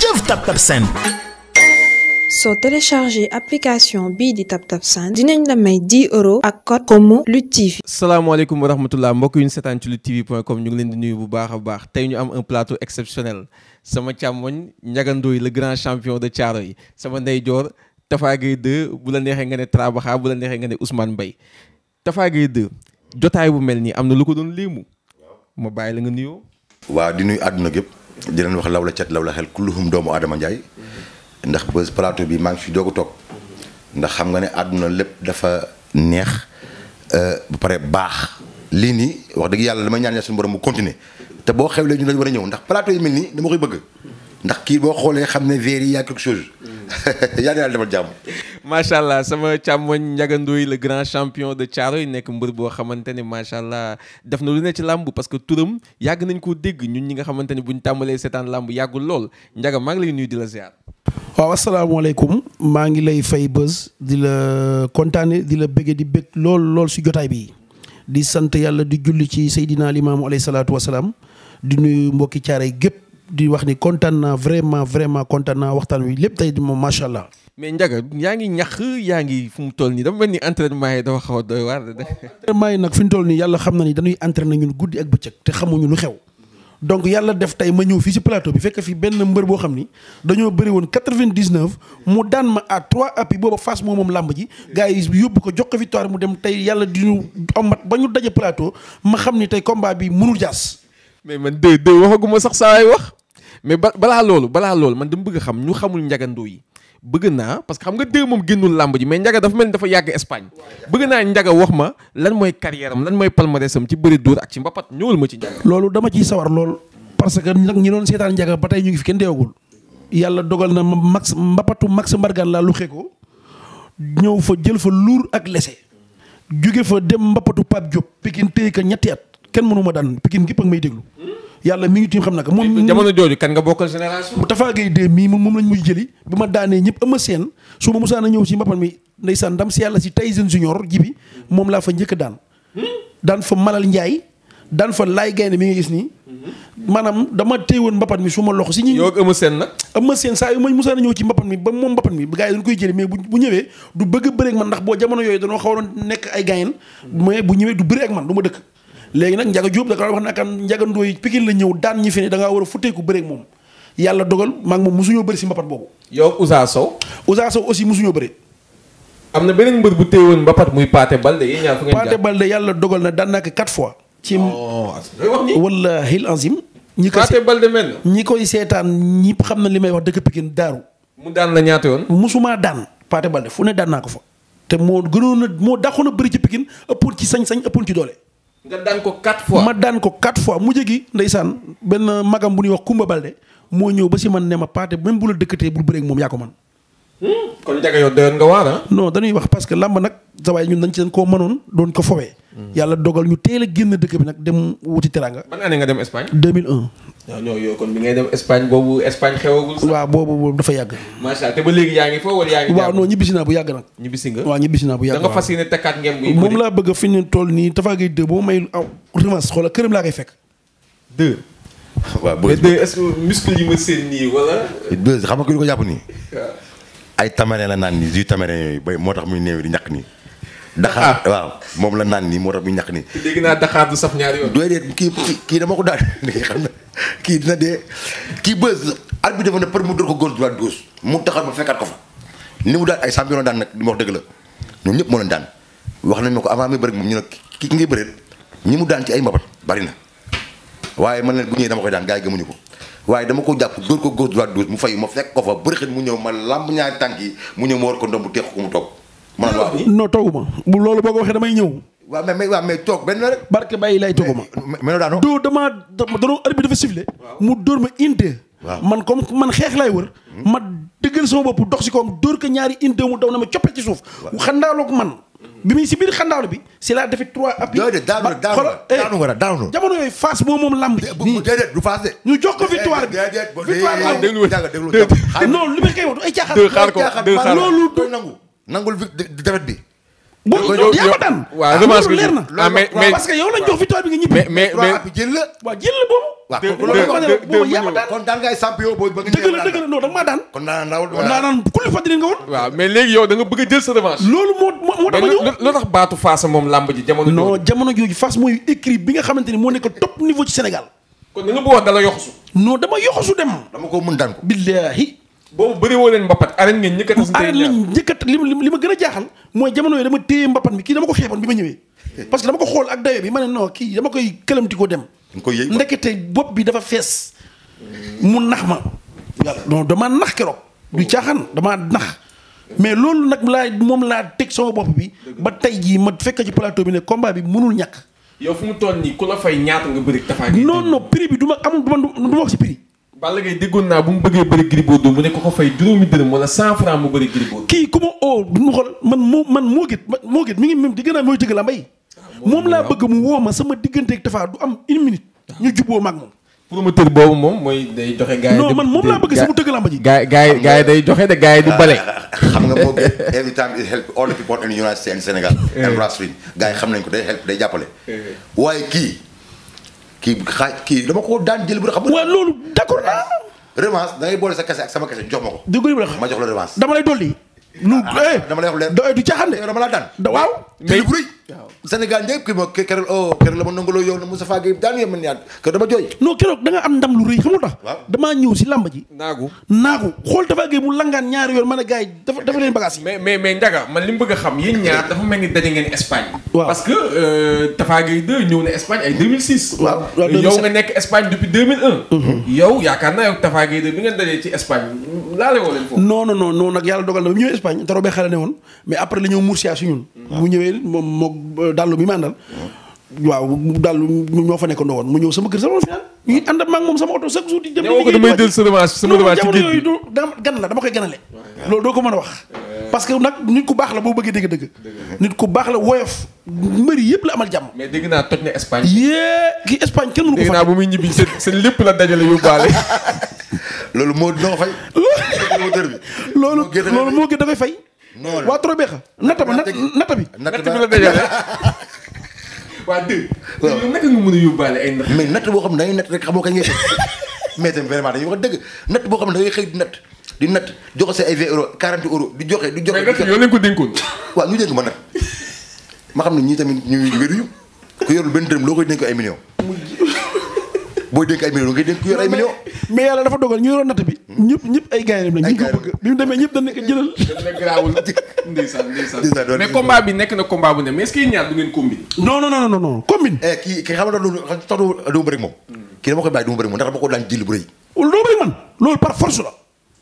jëf TapTap Send soo téléchargé application bii di TapTap Send dinañ la may 10 euros ak code comme Lutte TV. salaamaaleykum wa rahmatullah mbokk yu ñu seetaan ci luttetv.com ñu ngi leen di nuyu bu baax a baax tey ñu am un plateau exceptionnel sama càmmoñ njagandooy la grand champion de Thiaroye yi sama ndeyjoor Tapha Gueye 2 bu la neexee nga ne Trabaxa bu la neexee nga ne Ousmane mbay Tapha Gueye jotaay bu mel nii am na lu ko doon léemu ma bàyyi la nga nuyoo. waaw di nuyu àdduna gépp di leen wax law la cet law la xel kulluhum doomu Adama Ndiaye ndax ba palaato bi maa ngi fi doog a toog ndax xam nga ne àdduna lépp dafa neex euh, ba pare baax lii nii wax dëgg yàlla damay ñaan yàlla suñu borom mu continuer te boo xew xewlee ñu dañu war a ñëw ndax palaato yi mel nii dama koy bëgg ndax kii boo xoolee xam ne verre yi y a chose mm. jàmm. macha allah sama càmmoñ Ndiaga Ndoye le grand champion de Thiaroye nekk mbër boo xamante ne macha allah def na lu ne ci làmb parce que turam yàgg nañ koo dégg ñun ñi nga xamante ne buñ tàmbalee seetaan làmb yàggul lool Ndiaga maa ngi di la ziar. waaw asalaamaaleykum maa ngi lay fay bës di la kontaane di la bëggee di bëgg lool lool si jotaay bi di sant yàlla di julli ci Seydina Limaamu alayhi salaatu wa salaam di nuyu mbokki Thiaroye gépp di wax ni kontaan naa vraiment vraiment kontaan naa waxtaan wi lépp tey moom macha allah. mais Ndiaga yaa ngi ñax yaa ngi fu mu toll nii dafa mel ni entraînement a doy waar. fi mu toll nii yàlla xam na ni dañuy entraîné ñun guddi ak bëccëg te xamuñu lu xew. donc yàlla def tey ma ñëw fii ci plateau bi fekk fii benn mbër boo xam ni dañoo bëri woon 99 mu daan ma à 3 appuis booba face moo moom làmb ji gars yi yóbbu ko jox ko victoire mu dem tey yàlla di ñu omat ba ñu daje plateau ma xam ni tey combat bi mënul jaas. mais man de de waxaguma sax saa ay wax. mais ba balaa loolu balaa loolu man dama bëgg xam ñu xamul njagandoo yi bëgg naa parce que xam nga dégg moom génnul làmb ji mais njaga dafa mel ni dafa yàgg Espagne bëgg naa njaga wax ma lan mooy carrière am lan mooy palmarèsam ci bëri dóor ak ci mbapat ñëwal ma ci njaga loolu dama ciy sawar lool parce que nag ñi doon seetaan njaga ba tey ñu ngi fi kenn deewagul yàlla dogal na ma max mbapatu max mbargan laa lu xeekoo ñëw fa jël fa luur ak lese jóge fa dem mbapatu Pape Diop Pikine téye ñetti at kenn mënu daan Pikine gépp ak may déglu yàlla mi ngi tiim xam na ko moom jamono jooju kan nga bokkal génération Tafa Gueye de mii moom moom lañ muy jëli bi ma daanee ñëpp ëma seen su ma musaa na ñëw si mbappan mi ndeysaan ndam si yàlla laa fa mi nga gis nii maanaam dama téewoon mbappat mi su ma loxo si ñi yow seen saa yu ma musaa na ñëw ci mbappat mi ba moom mbappat mi gars yi dañ koy jëli mais bu ñëwee du bëgg bëri ak man ndax boo jamono yooyu danoo xawaroon nekk bu ñëwee du bëri ak du ma dëkk léegi nag Ndiaga Diop da nga wax ne kan Ndiaga Ndoye Pikine la ñëw daan ñi fi ne war a futteeku moom yàlla dogal maag moom mosuñoo bëri si mbapat boobu. yow Ousa Sow. aussi mosuñoo bëri. am na beneen mbër bu téewoon mbapat muy Pathé Balde yéen yàlla dogal na daan naa ko quatre fois. ci oh, wallaahi azim. ñi ko Pathé ñi koy seetaan ñëpp xam na li may wax dëkk daaru. mu daan la ñaata yoon. mosumaa daan Pathé Balde fu ne daan naa ko fa. te moo gënoon a moo dàqoon a bëri ci Pikine ëppoon ci sañ-sañ ëppoon ci doole nga daan ko quatre fois ma daan ko quatre fois mujj gi ndeysaan benn magam bu ñuy wax Kumba Balde moo ñëw ba si man ne ma paate même bu la dëkkatee bul bëree moom yaa ko man hmm? kon jaga yow doyoon nga waar ah. non dañuy wax parce que làmb nag sawaay ñun dañ ci dañ koo manoon doon ko fowee. Hmm. yàlla dogal ñu teel a génn dëkk bi nag dem wuti teraanga. ban année nga dem Espagne. waaw ñoo kon bi ngay dem Espagne boobu Espagne xewagul sax. waaw boobu boobu dafa yàgg. macha allah te ba léegi yaa ngi foofu wala yaa ngi. waaw non naa bu yàgg nag. ñibbisi nga waaw ñibbisi naa bu yàgg. da nga fas yéene takkaat ngeen bu moom laa bëgg fi ñu toll nii Tafa Gueye 2 boo may ah, revanche xoolal këram laa koy fekk. 2. waaw booy mais yi ma seen nii wala. 2 xam nga ku ñu ko jàpp nii. Ah. ay tamare la naan nii jus tamare yooyu moo tax muy néew di ñàkk nii daxaar ah. waaw moom la naan nii moo tax mu ñax nii. dégg naa daxaar du saf ñaari yoon. doy kii kii dama ko daan léegi xam na kii dina dee kii bës arbitre bi dafa ne par mu dóor ko góor droite mu taxaw ma fekkaat ko fa ni mu daan ay champion daan nag li ma wax dëgg la ñoom ñëpp moo daan wax nañ ma ko avant muy bëri moom ñu mu daan ci ay mbabat bari na waaye man leen bu ñëwee dama daan gars yi ko waaye dama ko jàpp dóor ko góor droite gauche mu fay ma fekk ko fa bëri xel mu ñëw ma làmb ñaari tànk yi mu ñëw ma war ko ndomb teex ko mu toog ma ne waaw non tooguma bu boo ko waxee damay ñëw. waaw mais waaw mais toog benn rek. barke bàyyi lay tooguma. mais mais ma indee. man comme hmm? ma dëggal sama ko ñaari indee mu daw ma coppe ci suuf. waaw xandaaloo man. Hmm. bi muy si biir xandaalu bi si laa defi trois appui. Eh, moom lamb ñu jox ko victoire bi bi. Ah, déglu déglu non li ma du ay caaxaan. deux xaar ko deux xaar loolu du nangul defet bi. bu yaa ko daan. waaw ah, revanche leer na ah, mais mais parce que yow lañ jox victoire bi nga ñibbi. mais jël la. boobu. waaw kon loolu wax nga ay champion boobu ba nga dëgg la dëgg a moom làmb ji jamono. non jamono jooju bi nga xamante ni moo nekk top niveau ci Sénégal. kon da nga bëggoon dala yoxusu. non dama yoxusu dem. dama ko mën daan ko. billaahi boobu bëri leen mbapat arène ngeen njëkk a tas arène lañ njëkk a li li ma gën a jaaxal mooy jamono yi dama téye mbapat mi kii dama ko xeeboon bi ma ñëwee parce que dama ko xool ak dayo bi ma ne koy këlamti ko dem ndekete bopp bi dafa fees mu nax ma non damaa nax keroog du caaxaan damaa nax mais loolu nag laa moom laa teg soo bopp bi ba tey jii ma fekk ci plateau bi ne combat bi mënul ñàkk yow fu mu toll nii ku la fay ñaata nga bëri tafaagi non non prix bi du ma amul du ma du si prix Balla Gaye déggoon naa bu mu bëggee bëri Gris Bordeaux mu ne ko ko fay juróomi mu bëri Gris Bordeaux. kii ku mu xool man moo man moo gét moo gét mi ngi même di gën a mooy jëgg la mbay. Ah, moom laa bëgg mu woo ma sama digganteeg Tapha du am une minute. ñu juboo maag moom. ma promoteur boobu moom mooy day joxe. gars man moom laa bëgg si mu tëgg làmb ji. gars gars yi gars yi day joxe de gars yi du bale. Ah, xam nga moo gën every time it help all the people in the United States eh. yi xam nañ ko day help day jàppale. Eh. waaye kii kii xaaj kii dama ko daan jël bu xam. waaw loolu d'accord naa. revanche da ngay boole sa kese ak sama kese jox ma ko. dëgg la ma jox la revanche dama lay dolli. nu ah, eh, dama lay wax leer doy du caaxaan de dama laa daan da waaw mais lu rëy Sénégal ma keroog oh la ma na Moustapha Gueye daan yéen am ndam lu rëy xamul tax damaa ñëw si làmb naagu naagu xool dafa Gueye mu langaan ñaari yoon man a gars yi dafa dafa leen bagage yi mais mais man li mu bëgg a xam yéen ñaar dafa mel ni daje ngeen Espagne waaw parce que euh, Tafa Gueye 2 ñëw na Espagne ay 2006 waaw euh, yow nga mhm. yaakaar naa yow Tafa Gueye 2 bi ngeen dajee ci Espagne laa la woo leen foofu yàlla dogal na Espagne Darobé xale ne woon mais après la ñëw Murcia si ñun. Ah. mu ñëwee moom moog euh, dàllu bi ma àndal. Ah. waaw daal ñoo fa nekkandoo woon mu ñëw sama kër sama final ah. ñu ànd ak moom sama oto chaque jour di jëm. damay jël sama revanche sama revanche ci géej du gan la dama koy ganale. loolu doo ko mën a wax. parce que nag nit ku baax la boo bëggee dégg dëgg nit ku baax la woyof mbëri yëpp la amal jàmm mais dégg naa toj na Espagne yée kii Espagne kenn mënu ko fay dégg naa bu muy ñibbi lépp la dajale yóbbaale loolu moo doo fay moteur bi loolu loolu moo gën da koy fay waa trop beexa natta ba natta bi natta bi la dajale waa dëgg yow naka nga mën a yóbbaale ay natt boo xam ne dangay natt rek xamoo kañ ngay mais tam vraiment dañuy wax dëgg natt boo xam ne dangay xëy di natt di natt joxe sa ay vingt euros quarante di joxe di joxe. mais ko dénkoon. waaw ñu dénk ma xam ne ñii tamit ñu wéruñu ku yorul benn dërëm loo koy dénk ay millions. booy dénk ay millions ngay dénk ku yor ay millions. mais yàlla dafa dogal ñu yoroon bi. ñëpp ñëpp ay gars yi lañ. demee ñëpp dañ nekk jëlal. garaawul ndeysaan ndeysaan mais combat bi nekk na combat bu ne mais est-ce que ñaar du ngeen combine. non non non non non combine. Eh, kii kii xam nga loolu tax du ma bëri moom. koy bàyyi du ma bëri moom ndax dama ko daan jël bu rëy. loolu doo bëri man loolu par force la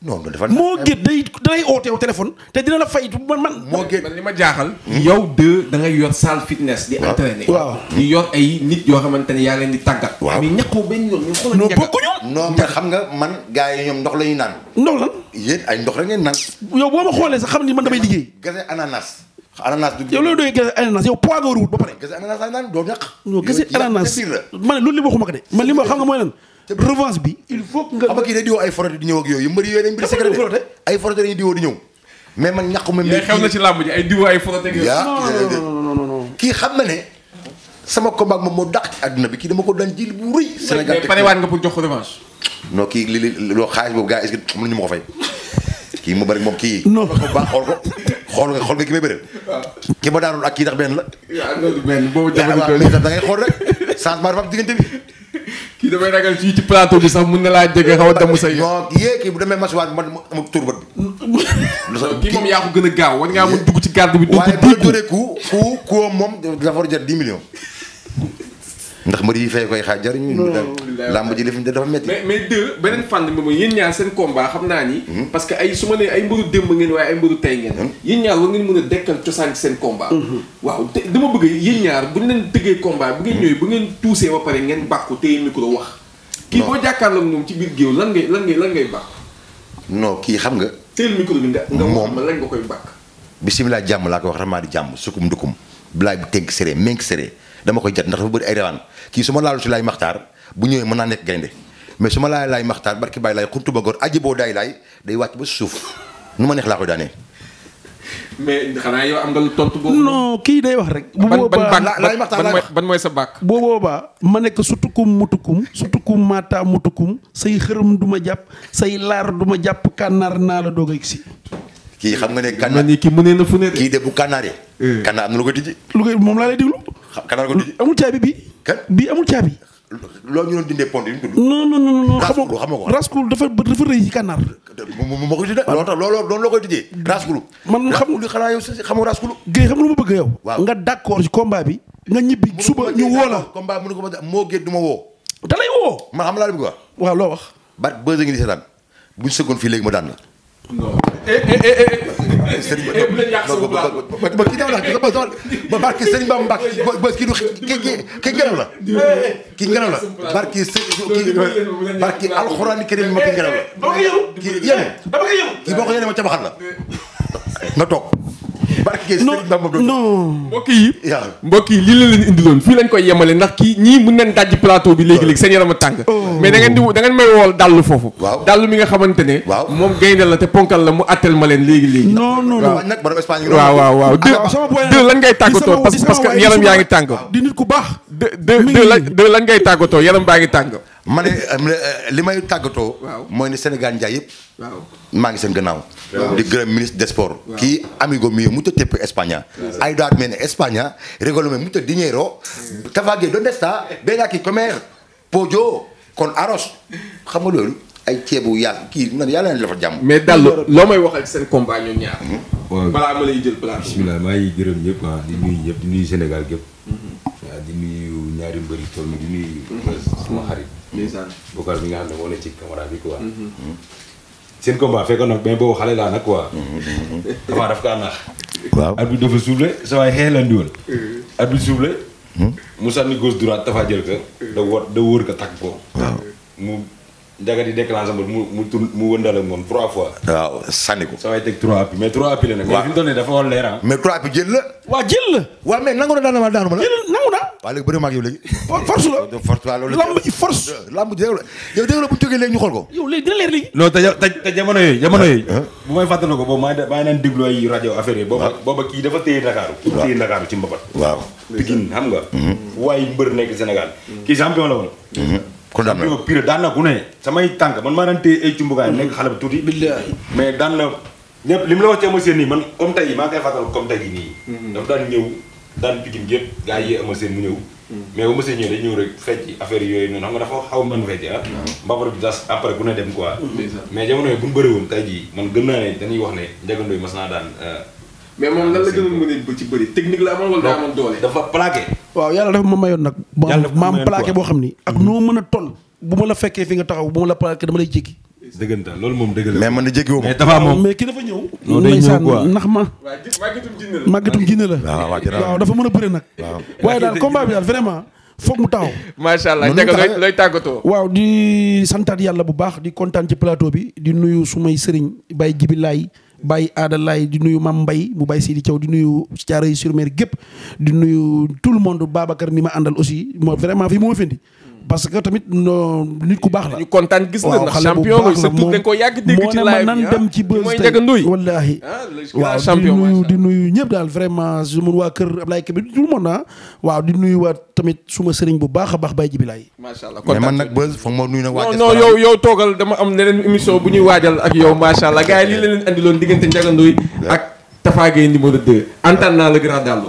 non dafa moo gét day dalay ooteew téléphone te dina la fay man man. moo gét man li ma jaaxal. yow de da ngay yor salle fitness. di entraîner. waaw di yor ay nit yoo xamante ne yaa leen di tàggat. waaw mais ñàkkoo benn yoon ñu xam nga man gars yi ndox la ñuy naan. ndox lan. yéen ndox rek ngeen naan. yow boo ma xoolee sax xam ni man damay liggéey. gase ananas. ananas du. yow loolu doy gase ananas yow poids nga wut ba pare. gase ananas laa naan doo ñàkk. yow gase ananas man loolu li ma waxuma ko de man li ma xam nga mooy lan revanche bi. il faut que nga xam nga kii day diwoo ay frotté mais ma. mais xew na ci làmb ji ay diwoo ay frotté. non non non kii xam na ne sama combat moom moo dàq ci bi kii dama ko daan jël bu rëy. Sénégal teg mais nga ko revanche. non kii li li loo xaalis boobu gars est ma ko fay kii mu bëri moom kii. non ko baax xool ko xool nga xool nga ki may bëre. Ah. ki ma daanoon ak kii ndax benn la. waaw ah, loolu benn boobu jafe-jafe da ngay xool rek changement dafa am diggante bi kii damay ragal fii ci plateau bi sax mun na laa jege xaw a damm sa non yée bu demee masuwaat man ma tur bët bi kii moom yaa ko gën a gaaw war ngaa mën dugg ci garde bi dugg waaye bu la dóoree ku ku ku dafa war a jël dix millions ndax mbër yi fay koy xaaj jariñu làmb ji li fi ñu dafa métti mais mais deux beneen fànn bi mooy yéen ñaar seen combat hmm? nee ay mbëru démb ngeen waaye ay mbëru tey hmm? a dekkal cosaan seen combat hmm. waaw te dama bëgg ñaar bu ñu leen tëggee combat ngeen ñëwee bu ngeen tuusee ba pare ngeen bàkku téye micro wax kii boo jàkkaarloog moom ci biir géew lan ngay lan ngay lan ngay bàkku non kii xam nga téel micro bi nga nga wax ma lañ nga koy bàkk bisimilah jàmm laa koy wax ramaa di jàmm sukkum dukum bilaay bi tënk séré ménk séré dama koy jat ndax dafa bëri ay rawaan kii su ma laalu si laay maxtaar bu ñëwee mën naa nekk gaynde mais su ma laay laay maxtaar barki bàyyi laay xuntu ba góor aji boo daay laay day wàcc ba suuf nu ma neex laa koy daanee mais xanaa yow am nga lu tontu boobu. non kii day wax rek. bu boobaa ban mooy sa bàkk. bu boobaa ma nekk sutukum mutukum sutukum maata mutukum say xërëm du ma jàpp say laar du ma jàpp kànnaar naa la doog a gis. kii xam nga ne. kànnaar kii mu ne na fu ne kii de bu kànnaaree. Eh. kànnaar am lu koy tijji. lu koy moom laa lay déglu. kanaan ko tijji amul caabi bi. bi bii amul caabi. loo ñu doon dindee pont yi mu tudd. non non non non xam nga ko raskul dafa dafa rëy ci kànnaar. mu ma ko tijji looloo looloo doon loo koy tijjee. raskulu xam li xanaa yow si xamoo raskulu. géey xam lu ma bëgg yow. waaw nga d'accord ci combat bi. nga ñibbi suba ñu woo la. combat mu ne ko ma moo géej du ma woo. da lay woo. ma xam laa la bëgg wax. waaw loo wax. ba bës a ngi di seetaan bu ñu fii léegi ma daan la. Eh, eh, eh, sëriñ Ba bu leen yàq sama baax ba ba kii dama la ba ba barki sëriñ Ba Mbacke ba kii du kii kii ngelaw la. kii ngelaw la barki sëriñ barki alxuraan karim ma kii ngelaw la. kii yéen kii boo ko ma ca baxal la nga toog. gis non mbokk yi mbokk yi lii la leen indiloon fii lañ koy yemale ndax kii ñii mën nañ dajj plateau bi léegi-léegi seen yaram a tàng oh. mais da di da ngeen may wool dàll foofu dàll mi nga xamante moom gaynde la te ponkal la mu attel ma leen léegi-léegi non waaw waaw waaw deux lan ngay tàggatoo parce que yaram yaa ngi tàng di nit ku baax de lan ngay tàggatoo yaram baa ngi tàng. ma eh, li may tàggatoo. mooy ne Sénégal njaay yëpp. maa ngi seen gannaaw. di gërëm ministre des sports. kii amigo mio mucho tiempo España. ay daat mel ne España regolome mucho dinero. Mm. Tafage donde está ven aquí comer pollo con arroz xam nga loolu. ay ceebu yàlla kii nan yàlla na la fa jàmm. mais daal loo may wax ak seen combat ñoom ñaar. Hmm? waaw balaa ma lay jël ñaari mbër yi toll nii di nuyu. Mm-hmm. sama bi nga xam ne moo ne ci caméra bi quoi. Mm-hmm. Mm-hmm. seen combat fekkoon nag mais boobu xale laa nag quoi. damaa daf ko naax. waaw hmm? mu sànni gauche droite dafa jël ko. da wër da wër ko mu njaga di déclenché mu mu tur mu wëndal ak moom trois fois. waaw sànni ko. sa waay teg trois appuis mais trois appuis la nag. mais fi mu dafa war leer ah. mais trois appuis jël la. waa jël nangu na daan na la. waaw léegi bëri ma ak yow léegi. force la oh, force la loolu. lamb ji force. lamb ji yow dégg la bu ñu jógee léegi ñu xool ko. yow ba dina leer léegi. non te te jamono yooyu jamono yooyu. bu may fàttali ko boobu maa ngi maa daan déglu ay rajo affaire mhm. la woon. Mhm. kon daan na pire daan na man maa daan téye ay cumbukaay nekk xale bu tuuti. mais daan comme tey maa nii. Mhm. dafa daan ñëw daan pikin gépp gaa yi amal seen mu ñëw mais bu ma see ñëwee dañu ñëw rek fecc affaire yooyu noonu xam nga dafa xaw man fecc ah bi tas dem mais jamono yi bu ñu bëri woon tey jii man gën naa ne dañuy wax ne njagandooy mas naa daan euh, mais moom lan la gën a mën a ci bëri technique la amoon wala daa amoon doole dafa plaqué waaw yàlla dafa ma mayoon nag maam plaqué boo xam ni ak mm-hmm. noo mën a toll bu ma la fekkee fi nga taxaw bu ma la plaqué dama lay jékki dëggantaan loolu moom dëgg la mais man de jéggiwu ma. mais dafa moom ki dafa ñëw. non day ñëw quoi ndax ma. màggatum jinne la waaw dafa mën a bëre nag. waaw waaye daal combat bi daal vraiment foog mu taxaw. macha allah njëkk looy tàggatoo. waaw di santaat yàlla bu baax di kontaan ci plateau bi di nuyu su sumay sëriñ Baye Jibilaay Baye Adalaay di nuyu Mam Mbay mu Baye Sidi Thiaw di nuyu Thiaroye sur Mer gépp di nuyu tout le monde Babacar mi ma àndal aussi moo vraiment fi moo fendi parce que tamit nit ku baax la. ñu kontaan gis na ndax champion nga surtout dañ ko yàgg dégg ci live nan ah. dem ci bës tey wallaahi. Ah, waaw di nuyu di nuyu ñëpp daal vraiment su mun waa kër Ablaye Kébé tout le monde ah. waaw di nuyu tamit suma sëriñ bu baax a baax Baye Jibilaay. macha allah kontaan man nag bës foog ma nuyu yow yow toogal dama am leneen émission bu ñuy waajal ak yow macha allah gars yi lii la leen andiloon diggante Ndiaga Ndoye ak Tafa Gueye numéro 2 antaan naa la grand Dallo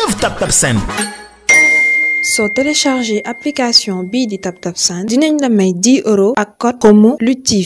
jëf TapTap Send soo téléchargé application bii di TapTap Send dinañ la may 10 euros ak code comme Lutte